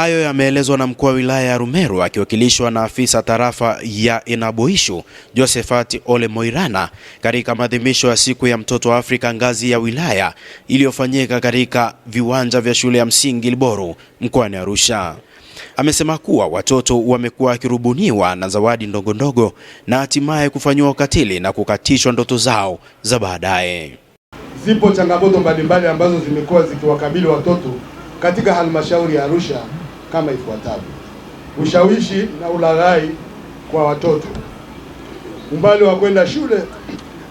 Hayo yameelezwa na mkuu wa wilaya ya Rumeru akiwakilishwa na afisa tarafa ya Inaboishu Josephat Ole Moirana katika maadhimisho ya siku ya mtoto wa Afrika ngazi ya wilaya iliyofanyika katika viwanja vya shule ya msingi Liboru mkoani Arusha. Amesema kuwa watoto wamekuwa wakirubuniwa na zawadi ndogondogo na hatimaye kufanyiwa ukatili na kukatishwa ndoto zao za baadaye. Zipo changamoto mbalimbali ambazo zimekuwa zikiwakabili watoto katika halmashauri ya Arusha kama ifuatavyo: ushawishi na ulaghai kwa watoto, umbali wa kwenda shule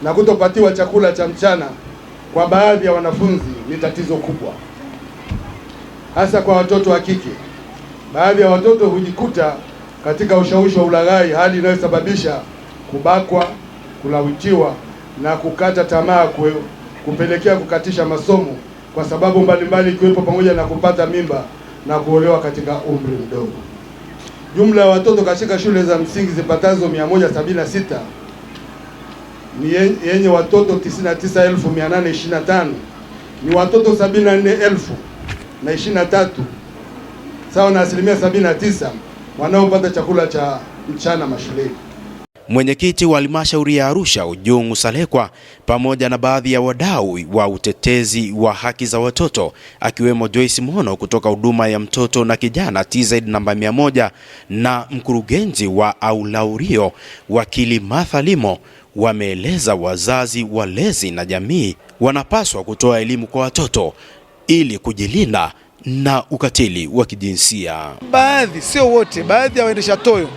na kutopatiwa chakula cha mchana kwa baadhi ya wanafunzi ni tatizo kubwa, hasa kwa watoto wa kike. Baadhi ya watoto hujikuta katika ushawishi wa ulaghai, hali inayosababisha kubakwa, kulawitiwa na kukata tamaa kwe, kupelekea kukatisha masomo kwa sababu mbalimbali ikiwepo mbali pamoja na kupata mimba na kuolewa katika umri mdogo. Jumla ya watoto katika shule za msingi zipatazo 176 ni yenye watoto 99825 ni watoto 74023 sawa na asilimia 79 wanaopata chakula cha mchana mashuleni. Mwenyekiti wa halmashauri ya Arusha Ujungu Salekwa pamoja na baadhi ya wadau wa utetezi wa haki za watoto akiwemo Joyce Mono kutoka huduma ya mtoto na kijana TZ namba 100 na mkurugenzi wa Aulaurio wakili Martha Limo wameeleza wazazi, walezi na jamii wanapaswa kutoa elimu kwa watoto ili kujilinda na ukatili wa kijinsia. Baadhi, sio wote, baadhi ya waendesha toyo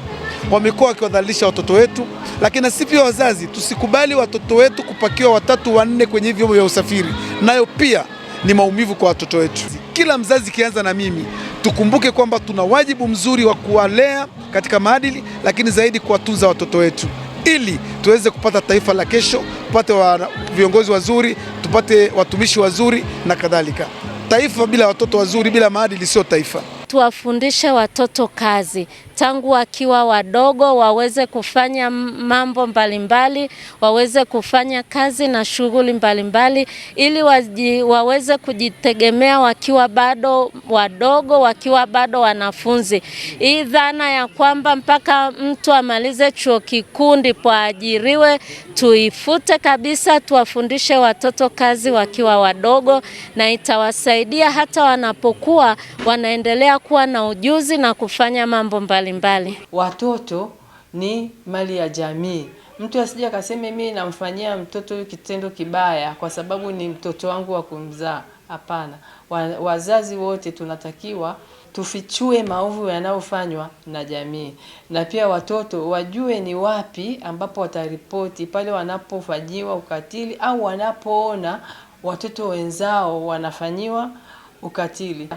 wamekuwa wakiwadhalilisha watoto wetu, lakini sisi pia wazazi tusikubali watoto wetu kupakiwa watatu wanne kwenye hivi vyombo vya usafiri, nayo pia ni maumivu kwa watoto wetu. Kila mzazi ikianza na mimi, tukumbuke kwamba tuna wajibu mzuri wa kuwalea katika maadili, lakini zaidi kuwatunza watoto wetu ili tuweze kupata taifa la kesho, tupate wa viongozi wazuri, tupate watumishi wazuri na kadhalika. Taifa bila watoto wazuri, bila maadili, sio taifa. Tuwafundishe watoto kazi tangu wakiwa wadogo waweze kufanya mambo mbalimbali, waweze kufanya kazi na shughuli mbalimbali ili waji, waweze kujitegemea wakiwa bado wadogo, wakiwa bado wanafunzi. Hii dhana ya kwamba mpaka mtu amalize chuo kikuu ndipo aajiriwe, tuifute kabisa, tuwafundishe watoto kazi wakiwa wadogo, na itawasaidia hata wanapokuwa wanaendelea kuwa na ujuzi na kufanya mambo mbalimbali mbalimbali. Watoto ni mali ya jamii. Mtu asije akaseme mimi namfanyia mtoto kitendo kibaya kwa sababu ni mtoto wangu wa kumzaa. Hapana, wazazi wote tunatakiwa tufichue maovu yanayofanywa na jamii, na pia watoto wajue ni wapi ambapo wataripoti pale wanapofanyiwa ukatili au wanapoona watoto wenzao wanafanyiwa ukatili.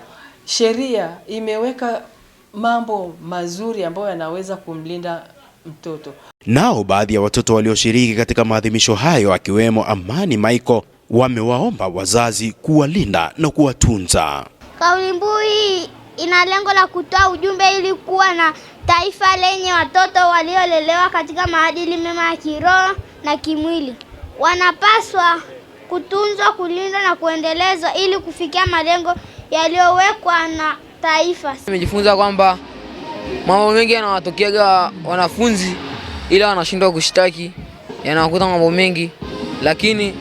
Sheria imeweka mambo mazuri ambayo yanaweza kumlinda mtoto. Nao baadhi ya watoto walioshiriki katika maadhimisho hayo akiwemo Amani Michael wamewaomba wazazi kuwalinda na kuwatunza. Kauli mbiu hii ina lengo la kutoa ujumbe ili kuwa na taifa lenye watoto waliolelewa katika maadili mema ya kiroho na kimwili. Wanapaswa kutunzwa, kulindwa na kuendelezwa ili kufikia malengo yaliyowekwa na taifa. Nimejifunza kwamba mambo mengi yanawatokeaga wanafunzi, ila wanashindwa kushtaki, yanawakuta mambo mengi, lakini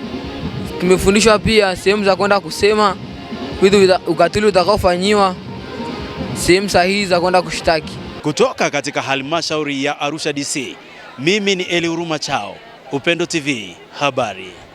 tumefundishwa pia sehemu za kwenda kusema vitu ukatili utakaofanyiwa, sehemu sahihi za kwenda kushtaki. Kutoka katika halmashauri ya Arusha DC, mimi ni eli uruma Chao, Upendo TV habari.